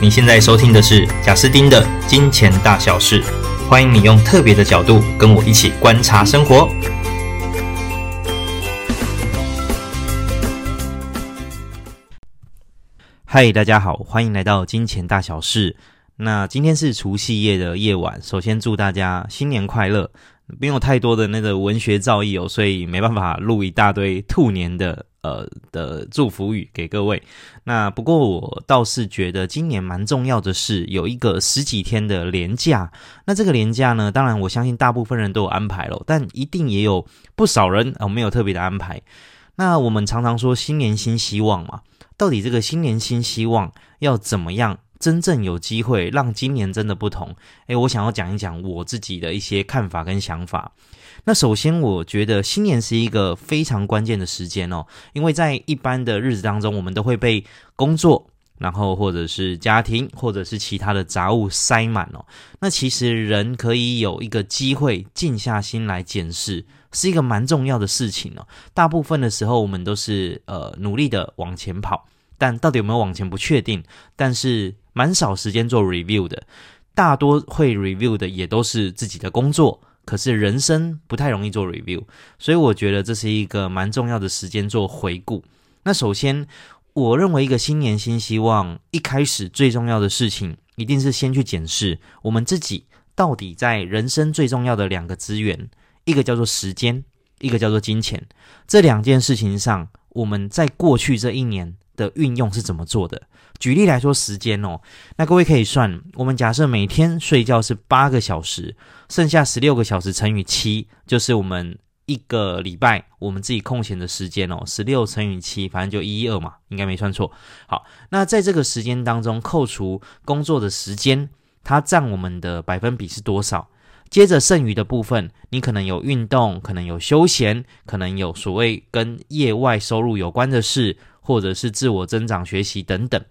你現在收聽的是賈斯汀的《金錢大小事》，歡迎你用特別的角度跟我一起觀察生活。嗨，大家好，歡迎來到《金錢大小事》。那今天是除夕夜的夜晚，首先祝大家新年快樂。沒有太多的那個文學造詣哦，所以沒辦法錄一大堆兔年的呃的祝福語給各位。那不過我倒是覺得今年蠻重要的是有一個十幾天的連假。那這個連假呢，當然我相信大部分人都有安排了，但一定也有不少人啊、哦、沒有特別的安排。那我們常常說新年新希望嘛，到底這個新年新希望要怎麼樣？真正有機會讓今年真的不同，誒、欸，我想要講一講我自己的一些看法跟想法。那首先，我覺得新年是一個非常關鍵的時間哦，因為在一般的日子當中，我們都會被工作，然後或者是家庭，或者是其他的雜物塞滿哦。那其實人可以有一個機會靜下心來檢視，是一個蠻重要的事情哦。大部分的時候，我們都是呃努力的往前跑，但到底有沒有往前不確定，但是。蠻少時間做 review 的，大多會 review 的也都是自己的工作。可是人生不太容易做 review，所以我覺得這是一個蠻重要的時間做回顧。那首先，我認為一個新年新希望，一開始最重要的事情，一定是先去檢視我們自己到底在人生最重要的兩個資源，一個叫做時間，一個叫做金錢。這兩件事情上，我們在過去這一年。的運用是怎麼做的？舉例來說，時間哦，那各位可以算，我們假設每天睡覺是八個小時，剩下十六個小時乘以七，就是我們一個禮拜我們自己空閒的時間哦，十六乘以七，反正就一一二嘛，應該沒算錯。好，那在這個時間當中扣除工作的時間，它佔我們的百分比是多少？接着剩餘的部分，你可能有運動，可能有休閒，可能有所謂跟業外收入有關的事。或者是自我增長、學習等等，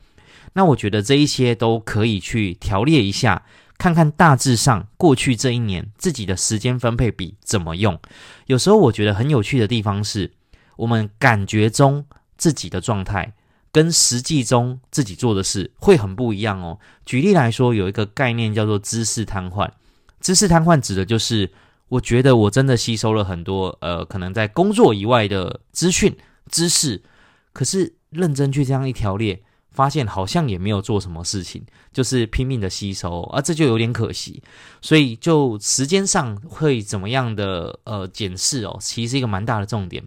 那我覺得這一些都可以去條列一下，看看大致上過去這一年自己的時間分配比怎麼用。有時候我覺得很有趣的地方是，我們感覺中自己的狀態跟實際中自己做的事會很不一樣哦。舉例來說，有一個概念叫做知識癱瘓，知識癱瘓指的就是我覺得我真的吸收了很多，呃，可能在工作以外的資訊、知識。可是認真去這樣一條列，發現好像也沒有做什麼事情，就是拼命的吸收啊，這就有點可惜。所以就時間上會怎麼樣的呃檢視哦，其實是一個蠻大的重點。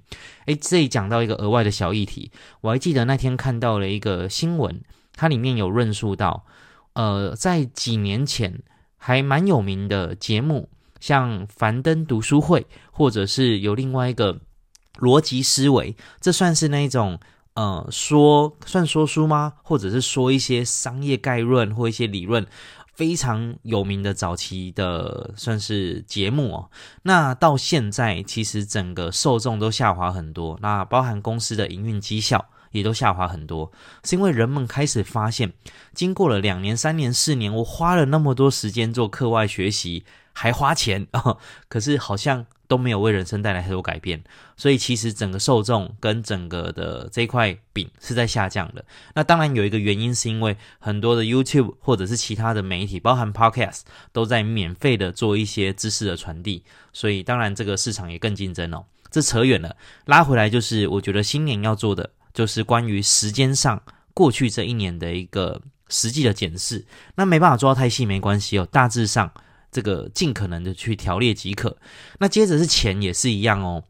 誒，這裡講到一個額外的小議題，我還記得那天看到了一個新聞，它裡面有論述到，呃，在幾年前還蠻有名的節目，像樊登讀書會，或者是有另外一個邏輯思維，這算是那一種。呃，說算說書嗎？或者是說一些商業概論或一些理論，非常有名的早期的算是節目哦。那到現在，其實整個受眾都下滑很多，那包含公司的營運績效也都下滑很多，是因為人們開始發現，經過了兩年、三年、四年，我花了那麼多時間做課外學習，還花錢哦，可是好像。都沒有為人生帶來很多改變，所以其實整個受眾跟整個的這一塊餅是在下降的。那當然有一個原因，是因為很多的 YouTube 或者是其他的媒體，包含 Podcast，都在免費的做一些知識的傳遞，所以當然這個市場也更競爭哦。這扯遠了，拉回來就是，我覺得新年要做的就是關於時間上過去這一年的一個實際的檢視。那沒辦法做到太細，沒關係哦，大致上。這個盡可能的去條列即可，那接着是錢也是一樣哦，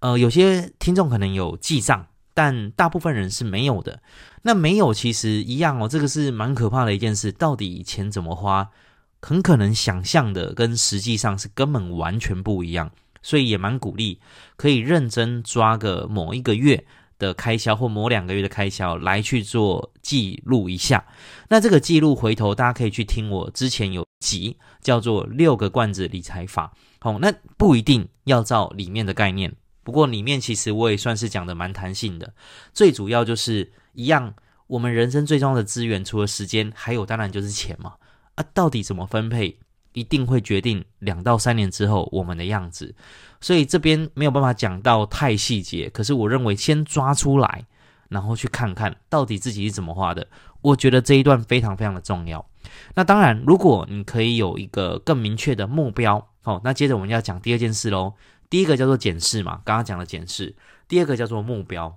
呃，有些聽眾可能有記賬，但大部分人是沒有的。那沒有其實一樣哦，這個是蠻可怕的一件事。到底錢怎麼花，很可能想象的跟實際上是根本完全不一樣，所以也蠻鼓勵可以認真抓個某一個月的開銷或某兩個月的開銷來去做記錄一下，那這個記錄回頭大家可以去聽我之前有集叫做《六個罐子理財法》，嗯，好，那不一定要照裡面的概念，不過裡面其實我也算是講得蠻彈性的，最主要就是一樣，我們人生最重要的資源除了時間，還有當然就是錢嘛，啊，到底怎麼分配？一定會決定兩到三年之後我們的樣子，所以這邊沒有辦法講到太細節。可是我認為先抓出來，然後去看看到底自己是怎麼畫的。我覺得這一段非常非常的重要。那當然，如果你可以有一個更明確的目標，好，那接着我們要講第二件事嘍。第一個叫做檢視嘛，剛剛講的檢視。第二個叫做目標，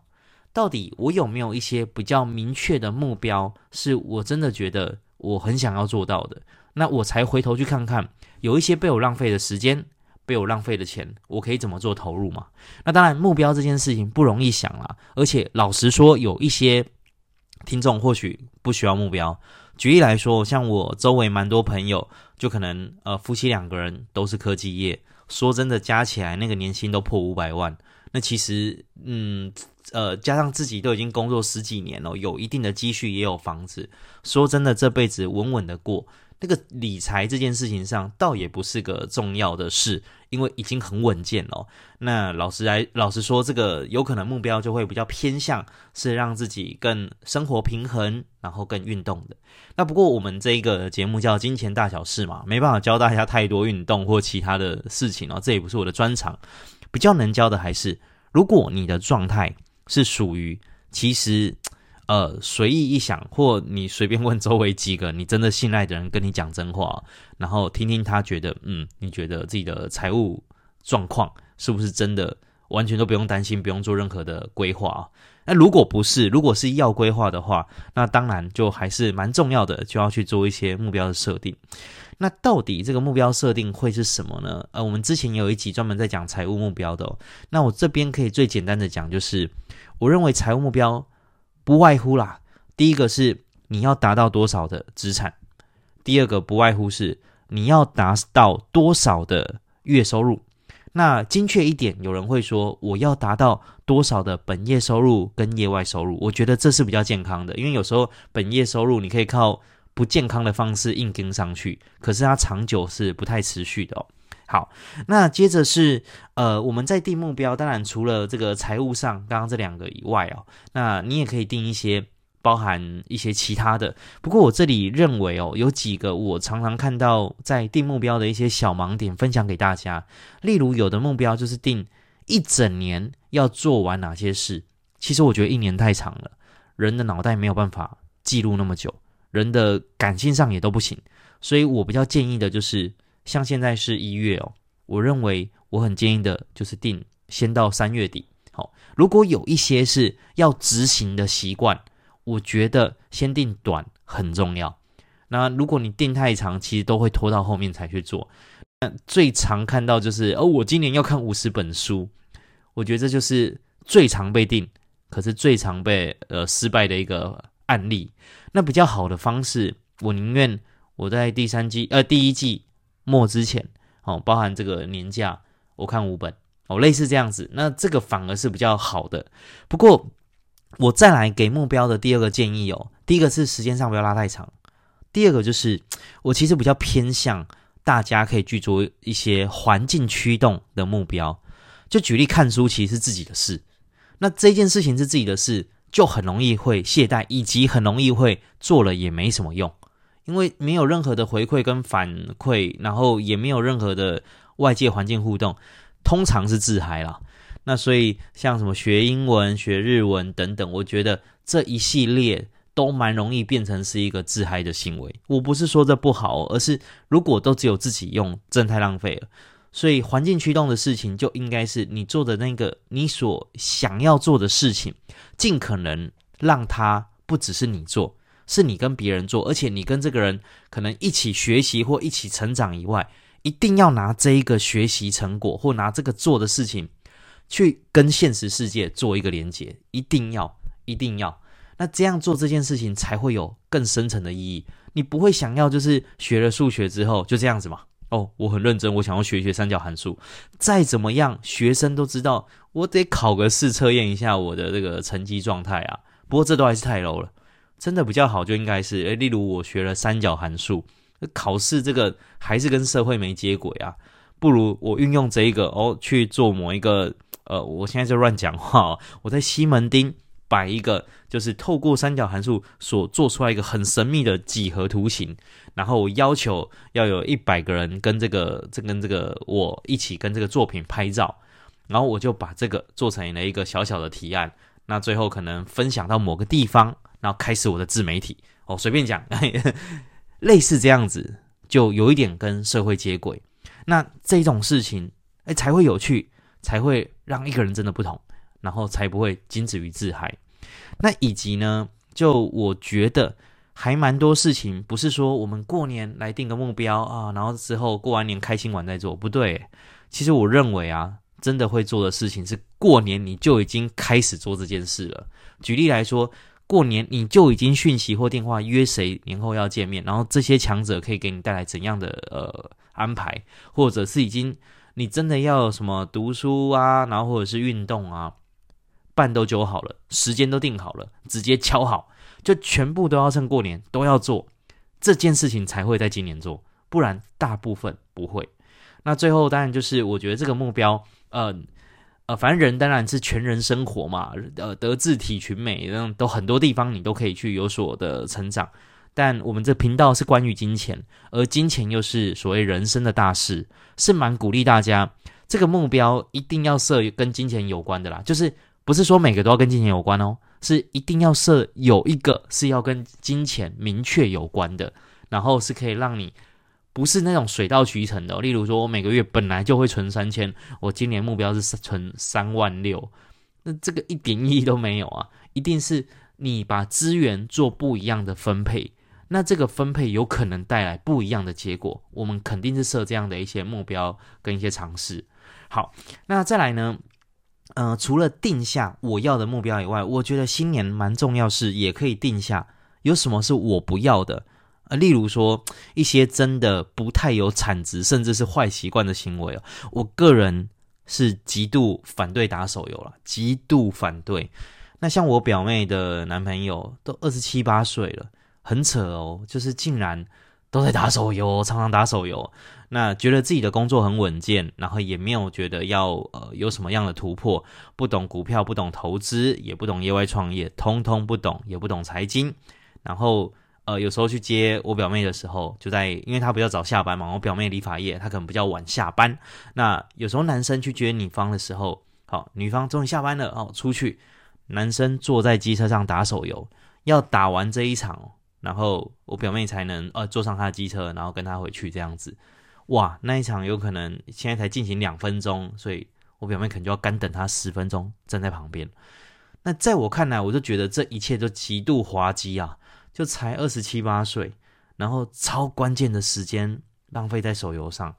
到底我有沒有一些比較明確的目標，是我真的覺得我很想要做到的。那我才回頭去看看，有一些被我浪費的時間，被我浪費的錢，我可以怎麼做投入嘛？那當然，目標這件事情不容易想啦。而且老實說，有一些聽眾或許不需要目標。舉例來說，像我周圍蠻多朋友，就可能呃夫妻兩個人都是科技業，說真的，加起來那個年薪都破五百萬。那其實嗯呃，加上自己都已經工作十幾年了，有一定的積蓄，也有房子。說真的，這輩子穩穩的過。那、這個理財這件事情上，倒也不是個重要的事，因為已經很穩健了，哦。那老實來，老實說，這個有可能目標就會比較偏向是讓自己更生活平衡，然後更運動的。那不過我們這一個節目叫金錢大小事嘛，沒辦法教大家太多運動或其他的事情哦，這也不是我的專長。比較能教的還是，如果你的狀態是屬於其實。呃，隨意一想，或你隨便問周圍幾個你真的信賴的人，跟你講真話，然後聽聽他覺得，嗯，你覺得自己的財務狀況是不是真的完全都不用擔心，不用做任何的規劃。那如果不是，如果是要規劃的話，那當然就還是蠻重要的，就要去做一些目標的設定。那到底這個目標設定會是什麼呢？呃，我們之前有一集專門在講財務目標的，哦，那我這邊可以最簡單的講，就是我認為財務目標。不外乎啦，第一個是你要達到多少的資產，第二個不外乎是你要達到多少的月收入。那精確一點，有人會說我要達到多少的本業收入跟業外收入。我覺得這是比較健康的，因為有時候本業收入你可以靠不健康的方式硬跟上去，可是它長久是不太持續的哦。好，那接着是呃，我們在定目標，當然除了這個財務上剛剛這兩個以外哦，那你也可以定一些包含一些其他的。不過我這裡認為哦，有幾個我常常看到在定目標的一些小盲點，分享給大家。例如有的目標就是定一整年要做完哪些事，其實我覺得一年太長了，人的腦袋沒有辦法記錄那麼久，人的感性上也都不行，所以我比較建議的就是。像現在是一月哦，我認為我很建議的就是定先到三月底。好，如果有一些是要執行的習慣，我覺得先定短很重要。那如果你定太長，其實都會拖到後面才去做。那最常看到就是，哦，我今年要看五十本書，我覺得這就是最常被定，可是最常被，呃，失敗的一個案例。那比較好的方式，我寧願我在第三季，呃，第一季。末之前哦，包含這個年假，我看五本哦，類似這樣子，那這個反而是比較好的。不過我再來給目標的第二個建議有哦，第一個是時間上不要拉太長，第二個就是我其實比較偏向大家可以去做一些環境驅動的目標。就舉例看書，其實是自己的事，那這件事情是自己的事，就很容易會懈怠，以及很容易會做了也沒什麼用。因為沒有任何的回饋跟反饋，然後也沒有任何的外界環境互動，通常是自嗨啦，那所以像什麼學英文、學日文等等，我覺得這一系列都蠻容易變成是一個自嗨的行為。我不是說這不好，而是如果都只有自己用，真太浪費了。所以環境驅動的事情，就應該是你做的那個你所想要做的事情，盡可能讓它不只是你做。是你跟別人做，而且你跟這個人可能一起學習或一起成長以外，一定要拿這一個學習成果或拿這個做的事情，去跟現實世界做一個連接，一定要，一定要。那這樣做這件事情才會有更深層的意義。你不會想要就是學了數學之後就這樣子嘛？哦，我很認真，我想要學學三角函數。再怎麼樣，學生都知道我得考個試，測驗一下我的這個成績狀態啊。不過這都還是太 low 了。真的比較好，就應該是誒，例如我學了三角函數，考試這個還是跟社會沒接軌啊，不如我運用這一個哦去做某一個呃，我現在就亂講話哦，我在西門町擺一個，就是透過三角函數所做出來一個很神秘的幾何圖形，然後我要求要有一百個人跟這個這跟這個我一起跟這個作品拍照，然後我就把這個做成了一個小小的提案。那最後可能分享到某個地方，然後開始我的自媒體哦，隨便講，哎，類似這樣子，就有一點跟社會接軌。那這種事情，哎，才會有趣，才會讓一個人真的不同，然後才不會僅止於自嗨。那以及呢，就我覺得還蠻多事情，不是說我們過年來定個目標啊，然後之後過完年開心完再做，不對。其實我認為啊。真的會做的事情是，過年你就已經開始做這件事了。舉例來說，過年你就已經訊息或電話約誰年後要見面，然後這些強者可以給你帶來怎樣的呃安排，或者是已經你真的要什麼讀書啊，然後或者是運動啊，辦都揪好了，時間都定好了，直接敲好，就全部都要趁過年都要做這件事情才會在今年做，不然大部分不會。那最後當然就是，我覺得這個目標。嗯，呃，呃，反正人當然是全人生活嘛，呃，德智體群美，都很多地方你都可以去有所的成長。但我們這頻道是關於金錢，而金錢又是所謂人生的大事，是蠻鼓勵大家這個目標一定要設跟金錢有關的啦。就是不是說每個都要跟金錢有關哦，是一定要設有一個是要跟金錢明確有關的，然後是可以讓你。不是那種水到渠成的哦，例如說，我每個月本來就會存三千，我今年目標是存三萬六，那這個一點意義都沒有啊！一定是你把資源做不一樣的分配，那這個分配有可能帶來不一樣的結果。我們肯定是設這樣的一些目標跟一些嘗試。好，那再來呢？嗯，呃，除了定下我要的目標以外，我覺得新年蠻重要的，是也可以定下有什麼是我不要的。例如說，一些真的不太有產值，甚至是壞習慣的行為。我個人是極度反對打手遊了，極度反對。那像我表妹的男朋友都二十七八歲了，很扯哦，就是竟然都在打手遊，常常打手遊。那覺得自己的工作很穩健，然後也沒有覺得要呃有什麼樣的突破，不懂股票，不懂投資，也不懂業外創業，通通不懂，也不懂財經，然後。呃，有時候去接我表妹的時候，就在，因為她比較早下班嘛，我表妹理髮業，她可能比較晚下班。那有時候男生去接女方的時候，好，女方終於下班了哦，出去，男生坐在機車上打手遊，要打完這一場，然後我表妹才能呃坐上他的機車，然後跟他回去這樣子。哇，那一場有可能現在才進行兩分鐘，所以我表妹可能就要乾等他十分鐘，站在旁邊。那在我看來，我就覺得這一切都極度滑稽啊。就才二十七八歲，然後超關鍵的時間浪費在手遊上。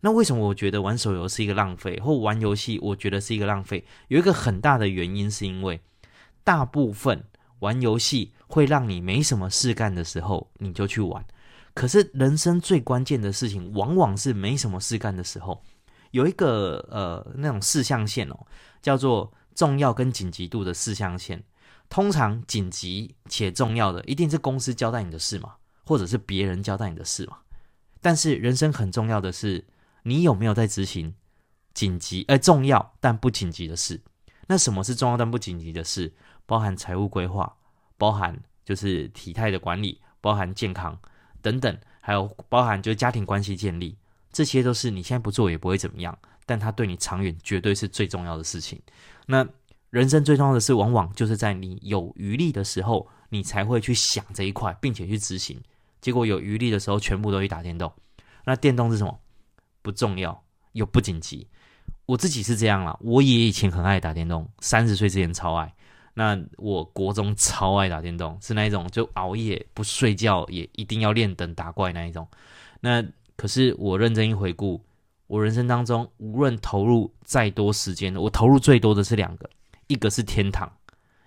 那為什麼我覺得玩手遊是一個浪費，或玩遊戲我覺得是一個浪費？有一個很大的原因，是因為大部分玩遊戲會讓你沒什麼事幹的時候，你就去玩。可是人生最關鍵的事情，往往是沒什麼事幹的時候，有一個呃那種四象限哦，叫做重要跟緊急度的四象限。通常緊急且重要的一定是公司交代你的事嘛，或者是別人交代你的事嘛。但是人生很重要的是，你有沒有在執行緊急而、呃、重要但不緊急的事？那什麼是重要但不緊急的事？包含財務規劃，包含就是體態的管理，包含健康等等，還有包含就是家庭關係建立，這些都是你現在不做也不會怎麼樣，但它對你長遠絕對是最重要的事情。那。人生最重要的事，往往就是在你有餘力的時候，你才會去想這一塊，並且去執行。結果有餘力的時候，全部都去打電動。那電動是什麼？不重要，又不緊急。我自己是這樣啦，我也以前很愛打電動，三十歲之前超愛。那我國中超愛打電動，是那一種就熬夜不睡覺，也一定要練等打怪那一種。那可是我認真一回顧，我人生當中無論投入再多時間，我投入最多的是兩個。一個是天堂，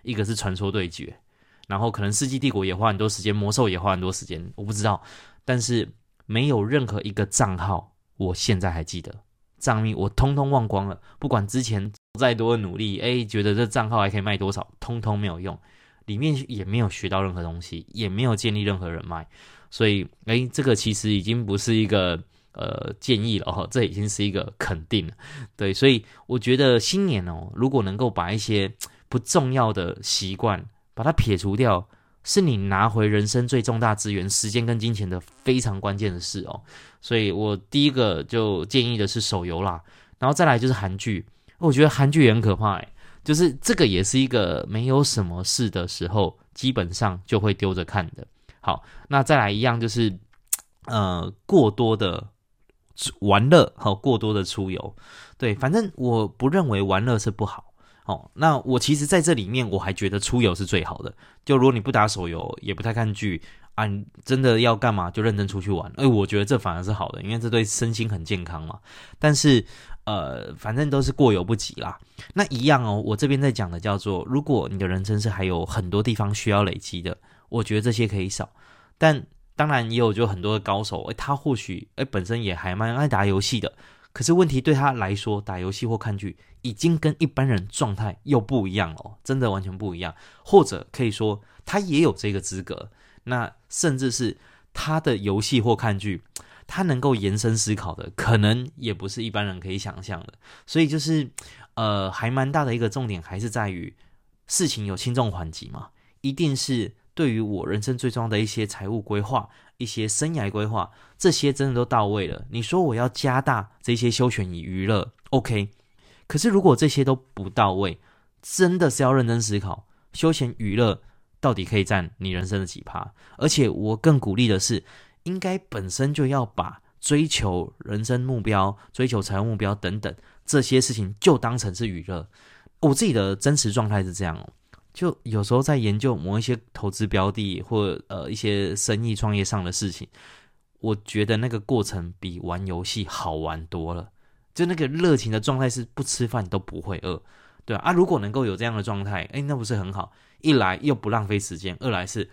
一個是傳說對決，然後可能世紀帝國也花很多時間，魔獸也花很多時間，我不知道。但是沒有任何一個賬號，我現在還記得賬密，我通通忘光了。不管之前再多的努力，哎、欸，覺得這賬號還可以賣多少，通通沒有用，裡面也沒有學到任何東西，也沒有建立任何人脈，所以哎、欸，這個其實已經不是一個。呃，建議了哦，這已經是一個肯定了，對，所以我覺得新年哦，如果能夠把一些不重要的習慣把它撇除掉，是你拿回人生最重大資源——時間跟金錢的非常關鍵的事哦。所以我第一個就建議的是手遊啦，然後再來就是韓劇，我覺得韓劇也很可怕欸，哎，就是這個也是一個沒有什麼事的時候，基本上就會丟着看的。好，那再來一樣就是，呃，過多的。玩樂和、哦、過多的出遊，對，反正我不認為玩樂是不好哦。那我其實在這裡面，我還覺得出遊是最好的。就如果你不打手遊，也不太看劇啊，你真的要幹嘛就認真出去玩。誒、哎，我覺得這反而是好的，因為這對身心很健康嘛。但是，呃，反正都是過猶不及啦。那一樣哦，我這邊在講的叫做，如果你的人生是還有很多地方需要累積的，我覺得這些可以少，但。當然也有就很多的高手，誒他或許誒本身也還蠻愛打遊戲的，可是問題對他來說，打遊戲或看劇已經跟一般人狀態又不一樣了哦，真的完全不一樣。或者可以說，他也有這個資格。那甚至是他的遊戲或看劇，他能夠延伸思考的，可能也不是一般人可以想象的。所以就是，呃，還蠻大的一個重點，還是在於事情有輕重緩急嘛，一定是。對於我人生最重要的一些財務規劃、一些生涯規劃，這些真的都到位了。你說我要加大這些休閒與娛樂，OK。可是如果這些都不到位，真的是要認真思考休閒娛樂到底可以占你人生的幾趴。而且我更鼓勵的是，應該本身就要把追求人生目標、追求財務目標等等這些事情，就當成是娛樂。我自己的真實狀態是這樣哦。就有時候在研究某一些投資標的或呃一些生意創業上的事情，我覺得那個過程比玩遊戲好玩多了。就那個熱情的狀態是不吃飯都不會餓，對啊，啊如果能夠有這樣的狀態，誒，那不是很好？一來又不浪費時間，二來是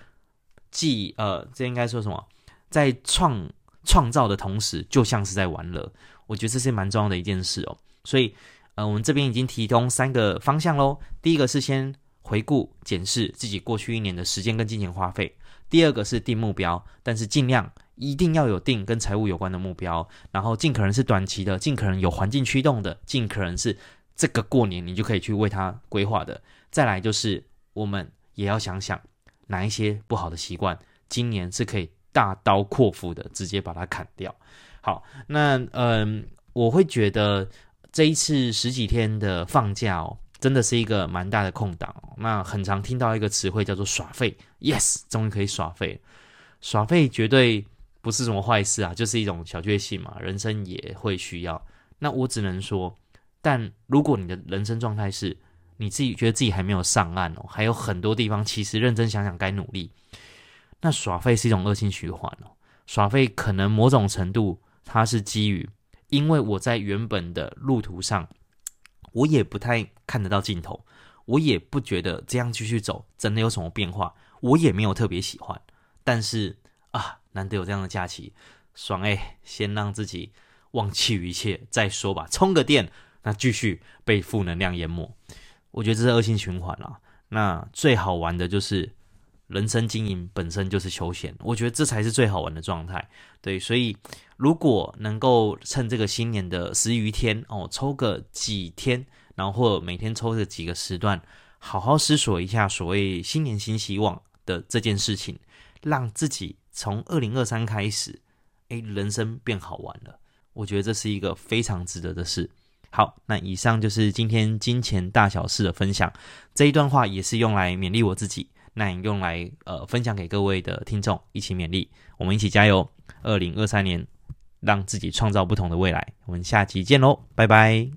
既呃這應該說什麼，在創創造的同時，就像是在玩樂。我覺得這是蠻重要的一件事哦。所以呃，我們這邊已經提供三個方向嘍。第一個是先。回顧檢視自己過去一年的時間跟金錢花費。第二個是定目標，但是盡量一定要有定跟財務有關的目標，然後盡可能是短期的，盡可能有環境驅動的，盡可能是這個過年你就可以去為它規劃的。再來就是我們也要想想哪一些不好的習慣，今年是可以大刀闊斧的直接把它砍掉。好，那嗯，我會覺得這一次十幾天的放假哦。真的是一個蠻大的空檔哦，那很常聽到一個詞彙叫做耍廢，yes，終於可以耍廢了，耍廢絕對不是什麼壞事啊，就是一種小確幸嘛，人生也會需要。那我只能說，但如果你的人生狀態是你自己覺得自己還沒有上岸哦，還有很多地方其實認真想想該努力，那耍廢是一種惡性循環哦，耍廢可能某種程度它是基於，因為我在原本的路途上。我也不太看得到盡頭，我也不覺得這樣繼續走真的有什麼變化，我也沒有特別喜歡。但是啊，難得有這樣的假期，爽哎、欸！先讓自己忘記一切再說吧，充個電，那繼續被負能量淹沒。我覺得這是惡性循環了、啊。那最好玩的就是。人生經營本身就是休閒，我覺得這才是最好玩的狀態。對，所以如果能夠趁這個新年的十餘天哦，抽個幾天，然後或者每天抽這幾個時段，好好思索一下所謂“新年新希望”的這件事情，讓自己從二零二三開始，哎，人生變好玩了。我覺得這是一個非常值得的事。好，那以上就是今天金錢大小事的分享。這一段話也是用來勉勵我自己。那也用來呃分享給各位的聽眾，一起勉勵，我們一起加油，二零二三年讓自己創造不同的未來。我們下期見嘍，拜拜。